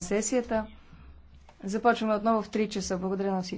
сесията. Започваме отново в 3 часа. Благодаря на всички.